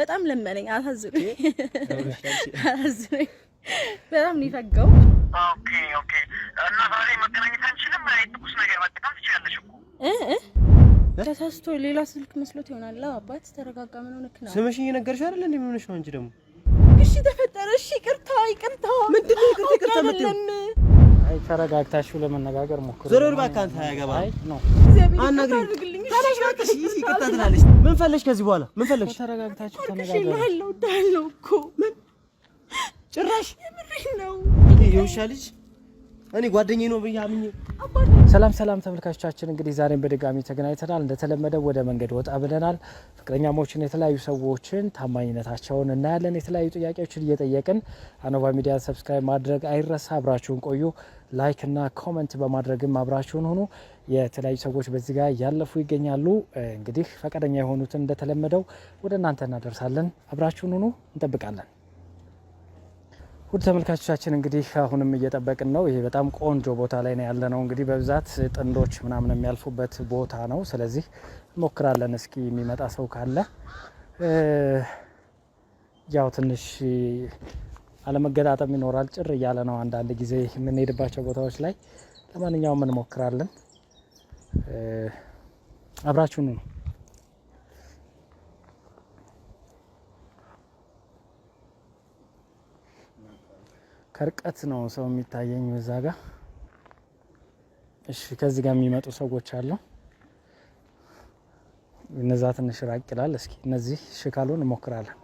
በጣም ለመነኝ። አሳዝኑኝ አሳዝኑኝ። በጣም ነው የፈጋው። ኦኬ ኦኬ። እና ዛሬ መገናኘት አንችልም? ትኩስ ነገር መጠቀም ትችላለሽ እኮ ተሳስቶ ሌላ ስልክ መስሎት ይሆናል። አባት ተረጋጋ። ምን ሆነክ ነው? ስምሽ እየነገርሽ አይደል እንዴ? ምን ሆነሽ ነው አንቺ ደግሞ? እሺ ተፈጠረ። እሺ ይቅርታ፣ ይቅርታ። ምንድነው? ይቅርታ፣ ይቅርታ? ምንድነው? አይ ተረጋግታችሁ ለመነጋገር ሞክሩ። ዞሮ እባክህ አንተ አያገባህም። አይ ነው አናግሪኝ። ተነሽ በቃሽ። ይሄ ይቅርታ ምን ፈለግሽ? ከዚህ በኋላ ምን ፈለግሽ? ተረጋግታችሁ ተነጋገሩ። ጭራሽ የምሬን ነው። ይሄ ውሻ ልጅ እኔ ጓደኛዬ ነው ብዬ አምኜ። ሰላም ሰላም ተመልካቾቻችን፣ እንግዲህ ዛሬን በድጋሚ ተገናኝተናል። እንደተለመደው ወደ መንገድ ወጣ ብለናል። ፍቅረኛሞችን፣ የተለያዩ ሰዎችን ታማኝነታቸውን እናያለን። የተለያዩ ጥያቄዎችን እየጠየቅን አኖቫ ሚዲያ ሰብስክራይብ ማድረግ አይረሳ። አብራችሁን ቆዩ። ላይክ እና ኮመንት በማድረግም አብራችሁን ሆኑ። የተለያዩ ሰዎች በዚህ ጋር ያለፉ ይገኛሉ። እንግዲህ ፈቃደኛ የሆኑትን እንደተለመደው ወደ እናንተ እናደርሳለን። አብራችሁን ሆኑ፣ እንጠብቃለን። ውድ ተመልካቾቻችን እንግዲህ አሁንም እየጠበቅን ነው። ይሄ በጣም ቆንጆ ቦታ ላይ ነው ያለነው። እንግዲህ በብዛት ጥንዶች ምናምን የሚያልፉበት ቦታ ነው። ስለዚህ እንሞክራለን። እስኪ የሚመጣ ሰው ካለ ያው ትንሽ አለመገጣጠም ይኖራል። ጭር እያለ ነው አንዳንድ ጊዜ የምንሄድባቸው ቦታዎች ላይ። ለማንኛውም እንሞክራለን። አብራችሁን ነው ከርቀት ነው ሰው የሚታየኝ በዛ ጋ። እሺ፣ ከዚህ ጋር የሚመጡ ሰዎች አሉ። እነዛ ትንሽ ራቅ ይላል። እስኪ እነዚህ ሽካሉን እንሞክራለን።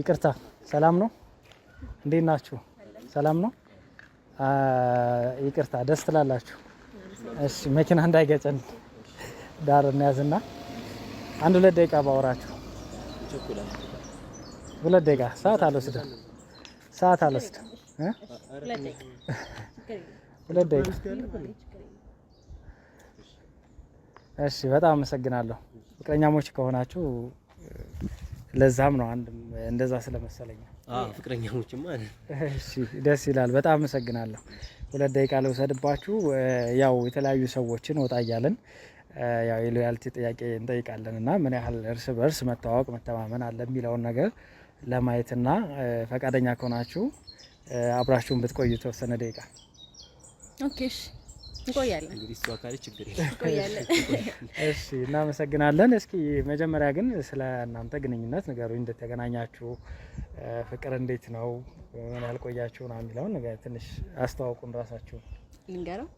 ይቅርታ፣ ሰላም ነው። እንዴት ናችሁ? ሰላም ነው። ይቅርታ ደስ ትላላችሁ። እሺ መኪና እንዳይገጨን ዳር እናያዝና አንድ ሁለት ደቂቃ ባወራችሁ። ሁለት ደቂቃ ሰዓት አልወስድም፣ ሰዓት አልወስድም። ሁለት ደቂቃ እሺ። በጣም አመሰግናለሁ። ፍቅረኛሞች ከሆናችሁ ለዛም ነው አንድ እንደዛ ስለመሰለኝ ፍቅረኛሞችማ ደስ ይላል። በጣም አመሰግናለሁ። ሁለት ደቂቃ ልውሰድባችሁ። ያው የተለያዩ ሰዎችን ወጣ እያለን ያው የሎያልቲ ጥያቄ እንጠይቃለን እና ምን ያህል እርስ በእርስ መተዋወቅ መተማመን አለ የሚለውን ነገር ለማየትና ፈቃደኛ ከሆናችሁ አብራችሁን ብትቆዩ የተወሰነ ደቂቃ ኦኬ። እንቆያለን። እንግዲህ ችግር የለም እሺ፣ እናመሰግናለን። እስኪ መጀመሪያ ግን ስለ እናንተ ግንኙነት ንገሩኝ፣ ፍቅር እንዴት ነው፣ ምን ያህል ቆያችሁ ነው የሚለውን ነገር ትንሽ አስተዋውቁን። ራሳችሁ ልንገረው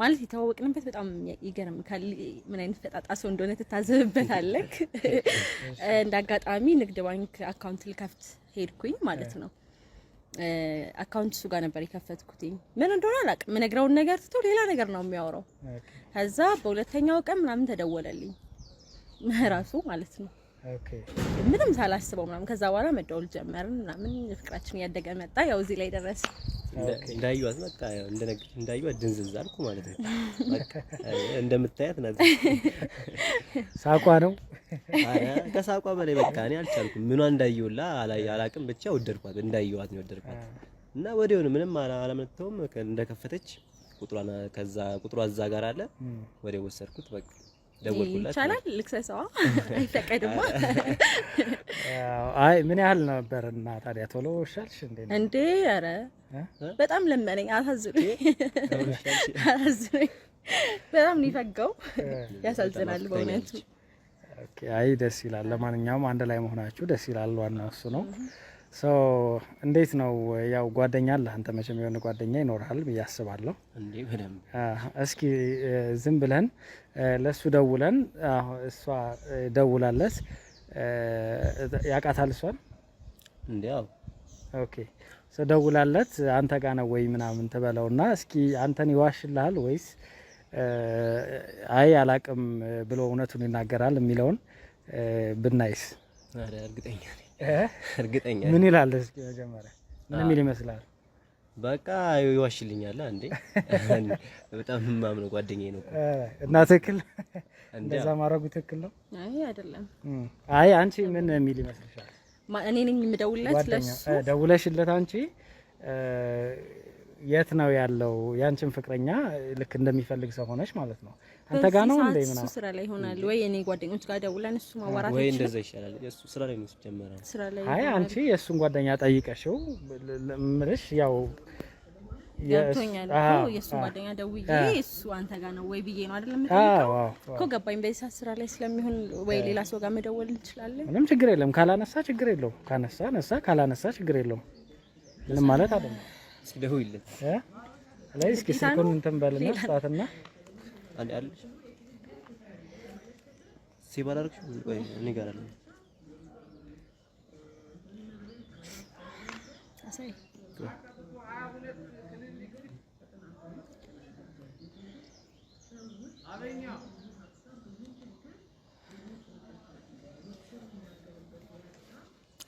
ማለት የተዋወቅንበት በጣም ይገርምካል። ምን አይነት ፈጣጣ ሰው እንደሆነ ትታዘብበታለህ። እንደ አጋጣሚ ንግድ ባንክ አካውንት ልከፍት ሄድኩኝ ማለት ነው አካውንት እሱ ጋር ነበር የከፈትኩትኝ። ምን እንደሆነ አላውቅም። የምነግረውን ነገር ትቶ ሌላ ነገር ነው የሚያወራው። ከዛ በሁለተኛው ቀን ምናምን ተደወለልኝ ራሱ ማለት ነው ምንም ሳላስበው ምናምን። ከዛ በኋላ መደወል ጀመርን ምናምን፣ ፍቅራችን እያደገ መጣ። ያው እዚህ ላይ ደረስ። እንዳዩት በቃ እንዳዩዋት ድንዝዝ አልኩ ማለት ነው። እንደምታያት ናት። ሳቋ ነው ከሳቋ በላይ በቃ እኔ አልቻልኩም። ምኗ እንዳየውላ አላቅም፣ ብቻ ወደድኳት፣ እንዳየዋት ነው ወደድኳት። እና ወዲያውኑ ምንም አላመነታውም እንደከፈተች ቁጥሯን ከዛ ቁጥሯ እዛ ጋር አለ ወዲያው ወሰድኩት በቃ ይቻላል ልክሰሰዋ አይፈቀድማ። አይ ምን ያህል ነበር? እና ታዲያ ቶሎ ሻልሽ እንዴ? እንዴ ኧረ በጣም ለመነኝ። አሳዝኑኝ፣ አሳዝኑኝ። በጣም ነው ያሳዝናል በእውነቱ አይ ደስ ይላል። ለማንኛውም አንድ ላይ መሆናችሁ ደስ ይላል። ዋናው እሱ ነው። እንዴት ነው ያው ጓደኛ አለ አንተ መቼም የሆነ ጓደኛ ይኖርሃል ብዬ አስባለሁ። እስኪ ዝም ብለን ለእሱ ደውለን እሷ ደውላለት ያውቃታል እሷን እንዲያው ኦኬ ደውላለት አንተ ጋ ነው ወይ ምናምን ትበለውና እስኪ አንተን ይዋሽልሃል ወይስ አይ አላቅም ብሎ እውነቱን ይናገራል የሚለውን ብናይስ እርግጠኛ ምን ይላል? እስኪ መጀመሪያ ምን የሚል ይመስላል? በቃ ይዋሽልኛል እንዴ? በጣም የማምነው ጓደኛዬ ነው እና ትክክል እንደዛ ማድረጉ ትክክል ነው። አይ አይደለም። አይ አንቺ ምን የሚል ይመስልሻል? እኔ ነኝ የምደውልለት ለሱ ደውለሽለት አንቺ የት ነው ያለው? ያንቺን ፍቅረኛ ልክ እንደሚፈልግ ሰው ሆነች ማለት ነው። አንተ ጋር ነው እንደ ምናምን ስራ ላይ ይሆናል ወይ እኔ ጓደኞች ጋር ደውለን እሱ ማዋራት ወይ እንደዛ ይሻላል። እሱ ስራ ላይ ነው ሲጀመረው ስራ ላይ አይ አንቺ የእሱን ጓደኛ ጠይቀሽው ምልሽ ያው ገብቶኛል ነው ወይ ብዬ ነው አይደለም እኮ ስራ ላይ ስለሚሆን ወይ ሌላ መደወል እንችላለን። ምንም ችግር የለም። ካላነሳ ችግር የለው ካነሳ ነሳ፣ ካላነሳ ችግር የለው ምንም ማለት አይደለም። ደውይለት ላይ እስኪ ስልኩን እንትን በልና ሰዓትና አንድ አለ ሲባላርክ ወይ እኔ ጋር አለ አሳይ አለኛ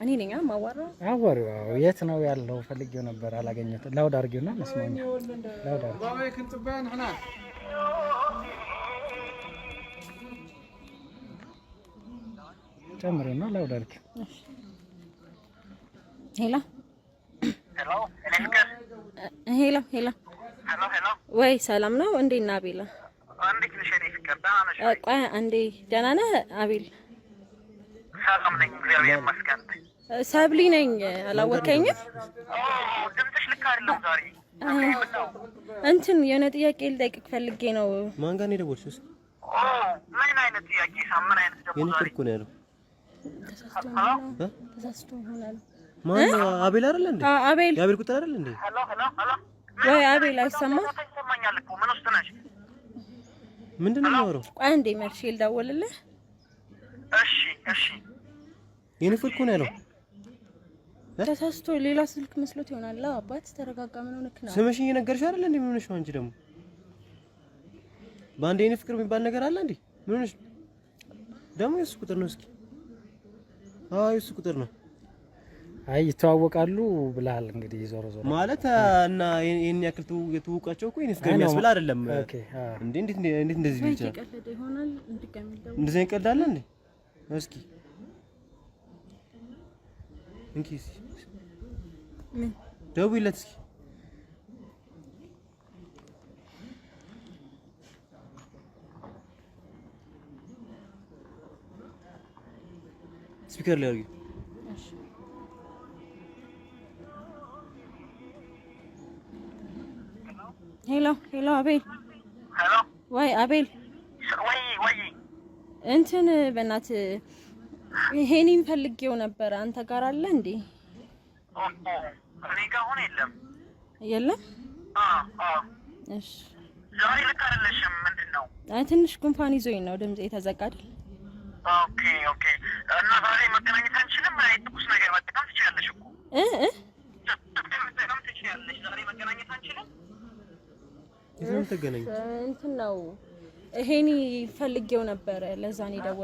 እኔ ነኝ ማዋራ አወሩ። የት ነው ያለው? ፈልጌው ነበር አላገኘሁትም። ላውድ አድርጊውና መስማኛ ላውድ ጨምሪውና ላውድ አድርጊው። ሄሎ ሄሎ ሄሎ ወይ ሰላም ነው እንዴ? እና አቤል ቆይ አንዴ፣ ደህና ነህ አቤል? ሰላም ነኝ፣ እግዚአብሔር ይመስገን። ሰብሊ ነኝ። አላወቀኝም። እንትን የሆነ ጥያቄ ልጠይቅ ፈልጌ ነው። ማን ጋር ነው የደወልሽው? ምን አይነት ጥያቄ? ምን አይነት ነው ተሳስቶ ማን? አቤል እንዴ? አቤል ቁጥር አይደለ እንዴ? ወይ አቤል አይሰማም? ምንድን ነው የማወራው? ቆይ እንዴ መልሼ ልደውልልህ። እሺ፣ እሺ ነው ያለው ተሳስቶ ሌላ ስልክ መስሎት ይሆናል። አባት ተረጋጋ፣ ምን ሆነክ ነው? ስምሽን እየነገርሽ አይደል እንዴ? ምን ሆነሽ ነው አንቺ? ደግሞ በአንድ አይነት ፍቅር የሚባል ነገር አለ እንዴ? ምን ሆነሽ ደግሞ? የሱ ቁጥር ነው እስኪ። አይ የሱ ቁጥር ነው። አይ ይተዋወቃሉ ብለሃል እንግዲህ። ዞሮ ዞሮ ማለት እና ይሄን ያክል የተዋወቃቸው እኮ ይሄን ፍቅር የሚያስብል አይደለም እንዴ? እንዴት እንደዚህ ሊቻል ይሆናል? እንደዚህ ይቀልዳል እንዴ? እስኪ እንኪ እስኪ ደውይለት እስኪ ስፒከር ላይ አድርጊው። ሄሎ ሄሎ፣ አቤል ወይ አቤል፣ ወይ ወይ እንትን በእናትህ ይሄን ፈልጌው ነበር። አንተ ጋር አለ እንዴ? እኔ ጋር አሁን የለም የለም። እሺ ዛሬ ልክ አይደለሽም። ምንድን ነው? አይ ትንሽ ጉንፋን ይዞኝ ነው የተዘጋ ተዘጋደ። ኦኬ ኦኬ። እና ዛሬ መገናኘት አንችልም። አይ ትኩስ ነገር መጠቀም ትችያለሽ እኮ እ እ ዛሬ መገናኘት አንችልም። እንትን ነው። ይሄኔ ፈልጌው ነበረ። ለዛ ነው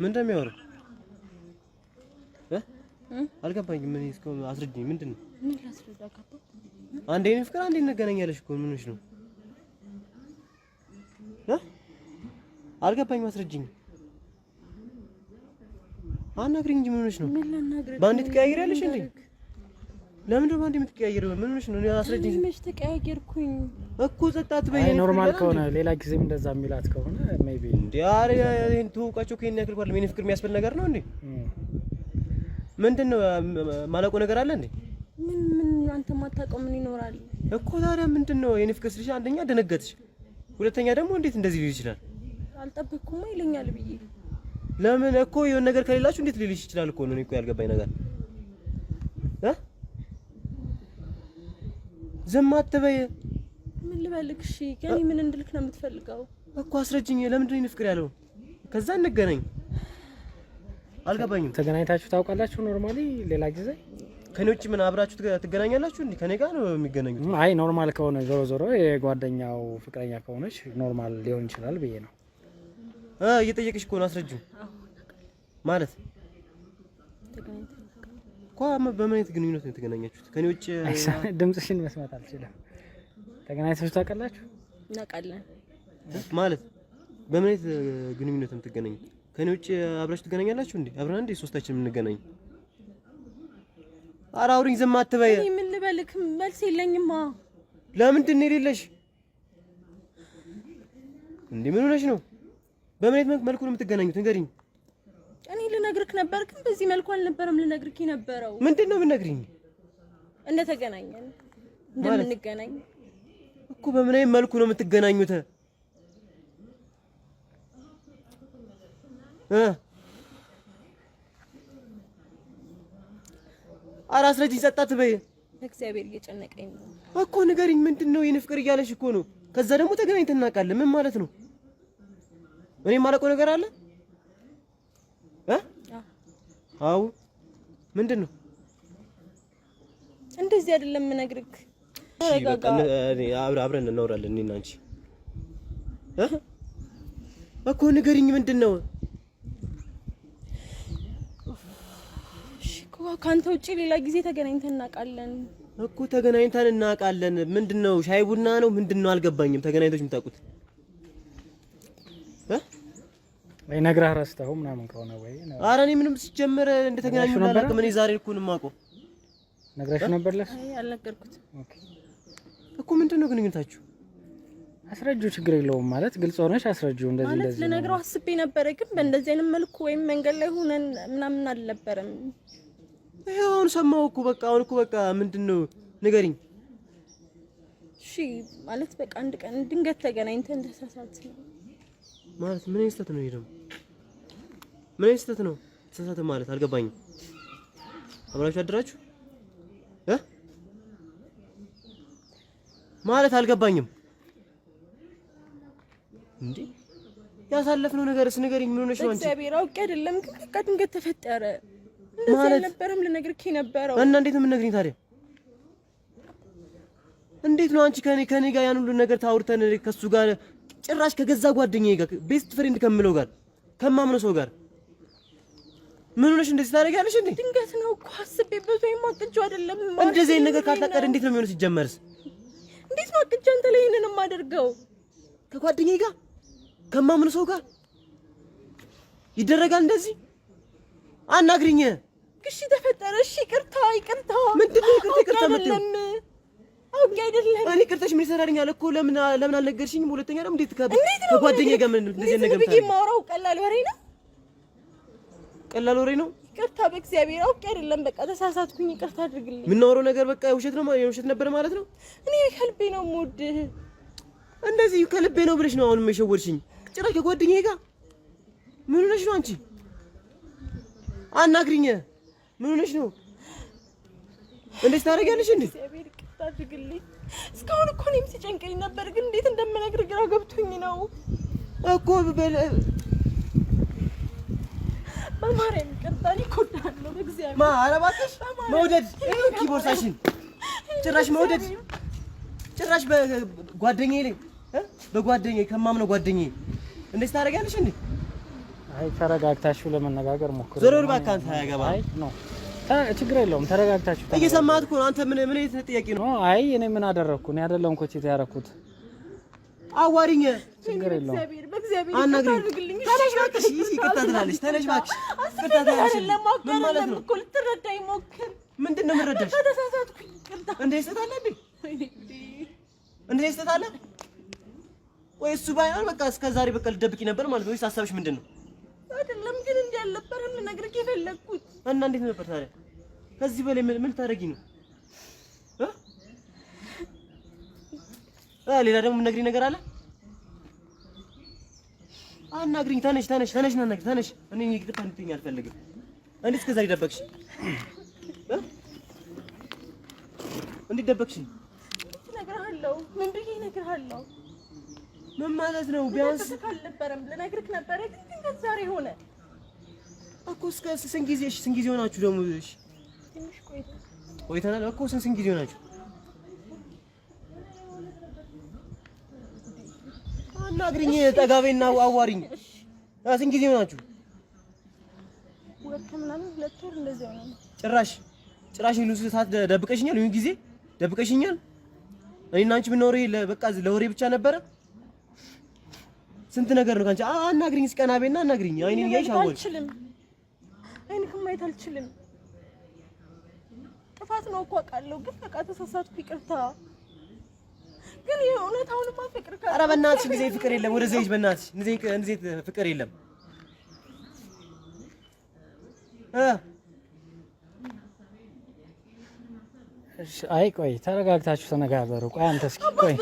ምን እንደሚያወሩ አልገባኝም። ምን እስካሁን አስረጅኝ። ምንድን ነው አንዴ እኔ ፍቅር አንዴ እንገናኛለሽ እኮ ምንሽ ነው? አልገባኝም። አስረጅኝ። አናግሪኝ እንጂ ምንሽ ነው? በአንዴ ትቀያይሪያለሽ እንዴ? ለምን ደግሞ እንዲህ የምትቀያየረው? ምን ሆነሽ ነው? አስረጅኝ። ምን ተቀያየርኩኝ እኮ ጸጥ አትበይ። አይ ኖርማል ከሆነ ሌላ ጊዜም እንደዛ የሚላት ከሆነ ሜቢ ቢ እንዴ። ይሄን ትውቃቸው እኮ ይሄን ያክል አይደለም። የእኔ ፍቅር የሚያስብል ነገር ነው እንዴ? ነው ማለቆ ነገር አለ እንዴ? ምን ምን አንተ ማታውቀው ምን ይኖራል እኮ ታዲያ። ነው የእኔ ፍቅር ስልሽ፣ አንደኛ ደነገጥሽ፣ ሁለተኛ ደግሞ እንዴት እንደዚህ ሊል ይችላል? አልጠብቅኩም ይለኛል ብዬ ለምን እኮ የሆነ ነገር ከሌላችሁ እንዴት ሊልሽ ይችላል እኮ ነው እኮ ያልገባኝ ነገር እ ዝም አትበይ። ምን ልበልክ? እሺ ከኔ ምን እንድልክ ነው የምትፈልገው? እኮ አስረጅኝ። ለምንድን ነው ፍቅር ያለው? ከዛ እንገናኝ። አልገባኝም። ተገናኝታችሁ ታውቃላችሁ? ኖርማሊ ሌላ ጊዜ ከኔ ውጭ ምን አብራችሁ ትገናኛላችሁ? እንዲ ከኔ ጋር ነው የሚገናኙት። አይ ኖርማል ከሆነ ዞሮ ዞሮ የጓደኛው ፍቅረኛ ከሆነች ኖርማል ሊሆን ይችላል ብዬ ነው እየጠየቅሽ ከሆነ አስረጁ ማለት እኮ በምን አይነት ግንኙነት ነው የተገናኛችሁት? ከኔ ውጭ ድምጽሽን መስማት አልችልም። ተገናኝታችሁ ታውቃላችሁ? እናውቃለን ማለት በምን አይነት ግንኙነት ነው የምትገናኙት? ከኔ ውጭ አብራችሁ ትገናኛላችሁ እንዴ? አብረን እንዴ ሶስታችን የምንገናኝ? ኧረ አውሪኝ፣ ዝም አትበይ። እኔ ምን ልበልክ? መልስ የለኝማ። ለምንድን ነው የሌለሽ እንዴ? ምን ሆነሽ ነው? በምን አይነት መልኩ ነው የምትገናኙት? ንገሪኝ እኔ ልነግርክ ነበር፣ ግን በዚህ መልኩ አልነበረም ልነግርክ የነበረው። ምንድን ነው የምነግሪኝ? እንደተገናኘን እንደምንገናኝ እኮ። በምን አይነት መልኩ ነው የምትገናኙት? ኧረ አስረጂኝ፣ ጸጣት በይ። እግዚአብሔር እየጨነቀኝ ነው እኮ። ንገሪኝ፣ ምንድን ነው የኔ ፍቅር እያለሽ እኮ ነው። ከዛ ደግሞ ተገናኝተን እናውቃለን። ምን ማለት ነው? እኔ የማለቀው ነገር አለ አው ምንድን ነው? እንደዚህ አይደለም የምነግርህ። አብረን እናወራለን እኔና አንቺ እኮ ንገሪኝ፣ ምንድን ነው? ከአንተ ውጭ ሌላ ጊዜ ተገናኝተን እናውቃለን እኮ ተገናኝተን እናውቃለን። ምንድን ነው? ሻይ ቡና ነው ምንድን ነው? አልገባኝም። ተገናኝቶች የምታውቁት ነግረህ ረስተው ምናምን ከሆነ ወይ? ኧረ እኔ ምንም ሲጀምር እንደተገናኙ አላውቅም። እኔ ዛሬ እኮ ነው የማውቀው። ነግረሽው ነበር ለሱ? አልነገርኩትም እኮ። ምንድን ነው ግንኙነታችሁ? አስረጁ ችግር የለውም ማለት ግልጽ ሆነሽ አስረጁ እንደዚህ እንደዚህ ማለት ልነግረው አስቤ ነበረ፣ ግን በእንደዚህ አይነት መልኩ ወይም መንገድ ላይ ሆነን ምናምን አልነበረም። ይኸው አሁን ሰማሁ እኮ በቃ አሁን እኮ በቃ ምንድን ነው ንገሪኝ። እሺ ማለት በቃ አንድ ቀን ድንገት ተገናኝተን እንደሳሳት ማለት ምን አይነት ስህተት ነው ይሄ ደግሞ ምን አይነት ስህተት ነው? ተሳሳተ ማለት አልገባኝም። አብራችሁ አደራችሁ እ ማለት አልገባኝም እንዴ ያሳለፍነው ነገርስ ንገሪኝ። ምን ሆነሽ ነው አንቺ? እግዚአብሔር አውቄ አይደለም ግን በቃ ድንገት ተፈጠረ። እንደዚህ አልነበረም ልነግርህ የነበረው እና እንዴት ነው የምነግሪኝ ታዲያ? እንዴት ነው አንቺ ከኔ ከኔ ጋር ያን ሁሉ ነገር ታውርተን ከሱ ጋር ጭራሽ ከገዛ ጓደኛዬ ጋር ቤስት ፍሬንድ ከምለው ጋር ከማምነው ሰው ጋር ምን ሆነሽ እንደዚህ ታደርጊያለሽ እንዴ? ድንገት ነው እኮ አስቤ ብዙ የማቅጀው አይደለም። እንደዚህ አይነት ነገር ካልታቀደ እንዴት ነው የሚሆነው? ሲጀመርስ እንዴት ነው አንተ ላይ ይሄንን የማደርገው? ከጓደኛዬ ጋር ከማምን ሰው ጋር ይደረጋል እንደዚህ? አናግሪኝ። እሺ ተፈጠረ። እሺ ይቅርታ፣ ይቅርታ። ምንድን ነው ይቅርታ? ይቅርታ አይደለም አውቄ አይደለም። እኔ ይቅርታሽ ምን ይሰራልኛል እኮ ለምን ለምን አልነገርሽኝም? ሁለተኛ ደግሞ እንዴት ከጓደኛዬ ጋር ምን እንደዚህ ነገር ብዬሽ የማወራው ቀላል ወሬ ነው ቀላል ወሬ ነው። ይቅርታ በእግዚአብሔር አውቄ አይደለም። በቃ ተሳሳትኩኝ፣ ይቅርታ አድርግልኝ። የምናወራው ነገር በቃ ውሸት ነው፣ ውሸት ነበር ማለት ነው። እኔ ከልቤ ነው የምወድህ። እንደዚህ ከልቤ ነው ብለሽ ነው አሁን የሸወድሽኝ። ጭራ ከጓደኛዬ ጋር ምን ሆነሽ ነው አንቺ? አናግሪኝ። ምን ሆነሽ ነው? እንዴት ታደርጊያለሽ? እንዴ እግዚአብሔር ይቅርታ አድርግልኝ። እስካሁን እኮ እኔም ሲጨንቀኝ ነበር፣ ግን እንዴት እንደምነግር ግራ ገብቶኝ ነው እኮ ማርያም ይቀጣል ይኮዳለሁ። በእግዚአብሔር ማ ኧረ እባክሽ መውደድ እኪ ቦርሳሽን ጭራሽ መውደድ ጭራሽ በጓደኛዬ ላይ በጓደኛዬ ከማምነው ጓደኛዬ እንደዚህ ታደርጊያለሽ እንዴ? አይ ተረጋግታችሁ ለመነጋገር ሞክሩ። ዞር እባክህ ባካን አያገባህም። አይ ኖ ችግር የለውም ተረጋግታችሁ። እየሰማሁት እኮ ነው። አንተ ምን ምን ጥያቄ ነው? አይ እኔ ምን አደረግኩ? እኔ ያደረኩት አዋሪኝ ችግር የለውም። አናግሪኝ ተነሽ እባክሽ። ይቅርታ ትላለች። ተነሽ እባክሽ። ወይ? እሱ ባይሆን በቃ እስከ ዛሬ በቃ ልደብቂ ነበር ማለት ነው ወይስ ሀሳብሽ ምንድን ነው? አይደለም ግን እንዲህ አልነበረም ልነግርህ የፈለግኩት እና እንዴት ነበር ታዲያ? ከዚህ በላይ ምን ነው? ሌላ ደግሞ የምነግሪኝ ነገር አለ? አናግሪኝ። ተነሽ ተነሽ ተነሽ ተነሽ ተነሽ። እኔ ይቅርታ እንድትይኝ አልፈልግም። እንዴት እስከ ዛሬ ደበቅሽ? እንዴት ደበቅሽኝ? እነግርሃለሁ። ምን ብዬሽ እነግርሃለሁ? ምን ማለት ነው? ቢያንስ አልነበረም ልነግርህ ነበረ፣ ግን ድንገት ዛሬ ሆነ እኮ። እስከ ስንት ጊዜ እሺ፣ ስንት ጊዜ ሆናችሁ ደግሞ? እሺ፣ ቆይተናል እኮ። ስንት ጊዜ ሆናችሁ አናግሪኝ፣ ጠጋቤና አዋሪኝ። ስንት ጊዜ ሆናችሁ? ጭራሽ ጭራሽ ንሱ ሰዓት ደብቀሽኛል፣ ይሁን ጊዜ ደብቀሽኛል። እኔና አንቺ ምን ወሬ በቃ ለወሬ ብቻ ነበረ። ስንት ነገር ነው ካንቺ። አናግሪኝ፣ እስቀናቤና አናግሪኝ። አይኔን ያይሽ አወል አልችልም፣ አይንክም ማየት አልችልም። ጥፋት ነው እኮ አውቃለሁ፣ ግን በቃ ተሳሳትኩ፣ ይቅርታ ግን እውነታውንማ ፍቅር ኧረ በእናትሽ ጊዜ ፍቅር የለም። ወደ ዘይት በእናትሽ እንዴት ፍቅር የለም? አይ ቆይ ተረጋግታችሁ ተነጋገሩ። ቆይ አንተ እስኪ ቆይ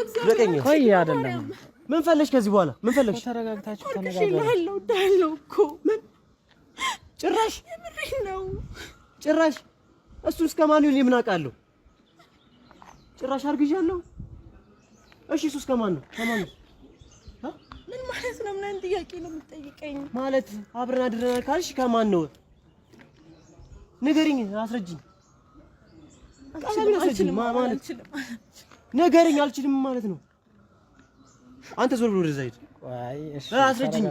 ቆይ አይደለም ምን ፈለግሽ? ከዚህ በኋላ ምን ፈለግሽ? ተረጋግታችሁ ተነጋገሩ። ዳለው እኮ ጭራሽ ነው ጭራሽ እሱን እስከ ማን ይሁን የምን አውቃለሁ ጭራሽ አርግዣለሁ እሺ እሱስ ከማን ነው? ከማን ነው? ምን ማለት ነው? ምን ጥያቄ ነው የምትጠይቀኝ? ማለት አብረን አድረናል ካልሽ ከማን ነው? ንገሪኝ፣ አስረጅኝ። ንገሪኝ፣ አልችልም ማለት ነው። አንተ ዞር ብሎ ወደዛ ሂድ። አስረጅኝ።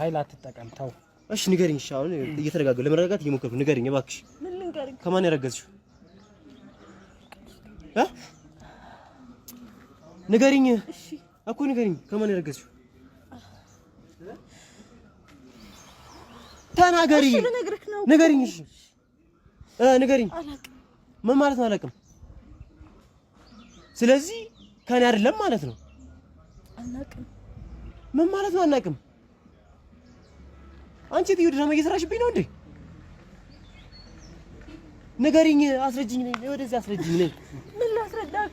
ኃይል አትጠቀም፣ ተው። እሺ ንገሪኝ። እሺ አሁን እየተረጋጋሁ ለመረጋጋት እየሞከርኩ ንገሪኝ፣ እባክሽ። ከማን ያረገዝሽው? ንገሪኝ እኮ ንገሪኝ፣ ከማን ያረገዝሽው? ተናገሪ፣ ንገሪኝ። እሺ ንገሪኝ። ምን ማለት ነው? አላውቅም። ስለዚህ ከኔ አይደለም ማለት ነው። ምን ማለት ነው? አናውቅም። አንቺ ትዩ ድራማ እየሰራሽብኝ ነው እንዴ? ንገሪኝ፣ አስረጅኝ። ነኝ ወደዚህ፣ አስረጅኝ። ነኝ ምን ላስረዳክ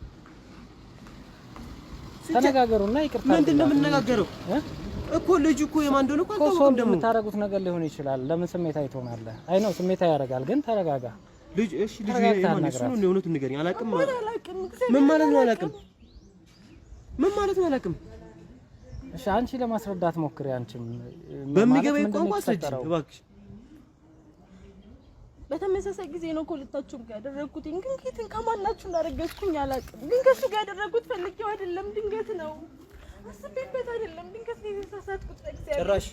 ተነጋገሩና ይቅርታ። ምንድን ነው የምንነጋገረው እኮ? ልጅ እኮ የማን እንደሆነ እኮ አንተው ደግሞ የምታረጉት ነገር ሊሆን ይችላል። ለምን ስሜታ ይሆናለህ? አይ ነው ስሜታ ያደርጋል፣ ግን ተረጋጋ ልጅ። እሺ ልጅ የማን እሱ ነው? የእውነቱን ንገረኝ። አላውቅም። ምን ማለት ነው አላውቅም? ምን ማለት ነው አላውቅም? እሺ አንቺ ለማስረዳት ሞክሪ። አንቺም በሚገባኝ ቋንቋ አስረጅኝ እባክሽ በተመሳሳይ ጊዜ ነው እኮ ጋር ያደረግኩት። ግን ጌትን ከማናችሁ እንዳረገዝኩኝ አላውቅም። ድንገት ጋር ያደረግኩት ፈልጌው አይደለም፣ ድንገት ነው፣ አስቤበት አይደለም። ድንገት ነው የተሳሳትኩት። በእግዚአብሔር ጭራሽ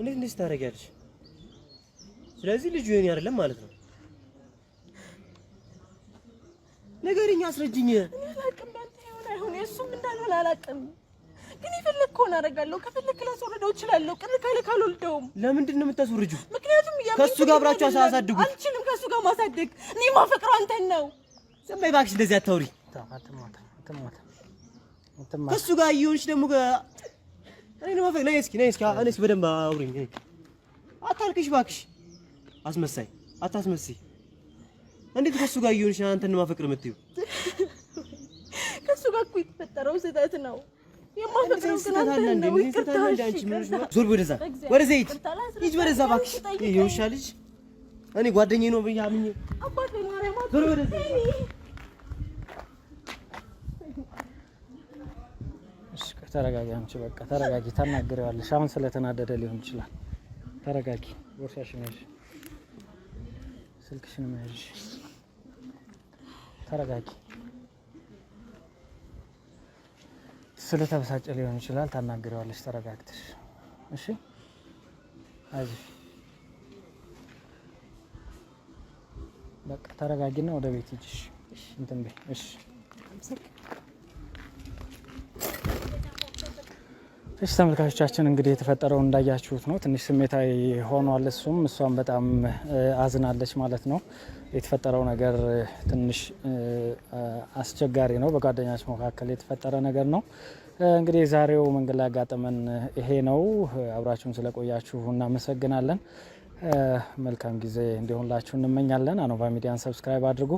እንዴት እንደዚህ ታደርጊያለሽ? ስለዚህ ልጁ የኔ አይደለም ማለት ነው። ነገርኛ አስረጅኝ። እኔ አላውቅም፣ ባንተ ይሆን አይሆን፣ የእሱም እንዳልሆነ አላውቅም። ግን የፈለግ ከሆነ አደርጋለሁ። ከፈለግ ላስወርደው እችላለሁ። ቅር ካለ ካልወልደውም። ለምንድን ነው የምታስወርጂው? ምክንያቱም ከእሱ ጋር አብራችሁ አሳድጉት። አልችልም ከእሱ ጋር ማሳደግ። እኔ ማፈቅረው አንተን ነው። ዝም በይ እባክሽ፣ እንደዚህ አታውሪ። ከእሱ ጋር እየሆንሽ ደግሞ እኔ ማፈቅ ነይ እስኪ፣ ነይ እስኪ፣ እኔስ በደንብ አውሪኝ። አታልቅሽ እባክሽ፣ አስመሳይ አታስመስይ። እንዴት ከእሱ ጋር እየሆንሽ አንተን ማፈቅር የምትይው? ከእሱ ጋር እኮ የተፈጠረው ስህተት ነው። ዞር ወደዛ ወደዛ ሂድ ሂድ ወደዛ እባክሽ የውሻ ልጅ እኔ ጓደኛዬ ነው ብዬሽ አምኜ ዞር ወደዛ ተረጋጊ አንቺ በቃ ተረጋጊ ታናግሪዋለሽ አሁን ስለተናደደ ሊሆን ይችላል ተረጋጊ ቦርሳሽን ያዥ ስልክሽን ያዥ ተረጋጊ ስለተበሳጨ ሊሆን ይችላል። ታናግሪዋለሽ ተረጋግተሽ። እሺ አይዞሽ፣ በቃ ተረጋጊና ወደ ቤት ሂጂ። እሺ እንትን በይ። እሺ እሺ ተመልካቾቻችን እንግዲህ የተፈጠረው እንዳያችሁት ነው። ትንሽ ስሜታዊ ሆኗል እሱም እሷም በጣም አዝናለች ማለት ነው። የተፈጠረው ነገር ትንሽ አስቸጋሪ ነው። በጓደኛች መካከል የተፈጠረ ነገር ነው። እንግዲህ የዛሬው መንገድ ላይ ያጋጠመን ይሄ ነው። አብራችሁን ስለቆያችሁ እናመሰግናለን። መልካም ጊዜ እንዲሆንላችሁ እንመኛለን። አኖቫ ሚዲያን ሰብስክራይብ አድርጉ፣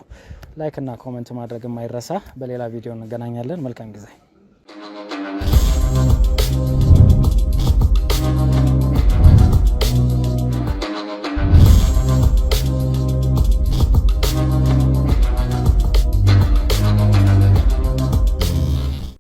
ላይክ እና ኮመንት ማድረግ የማይረሳ። በሌላ ቪዲዮ እንገናኛለን። መልካም ጊዜ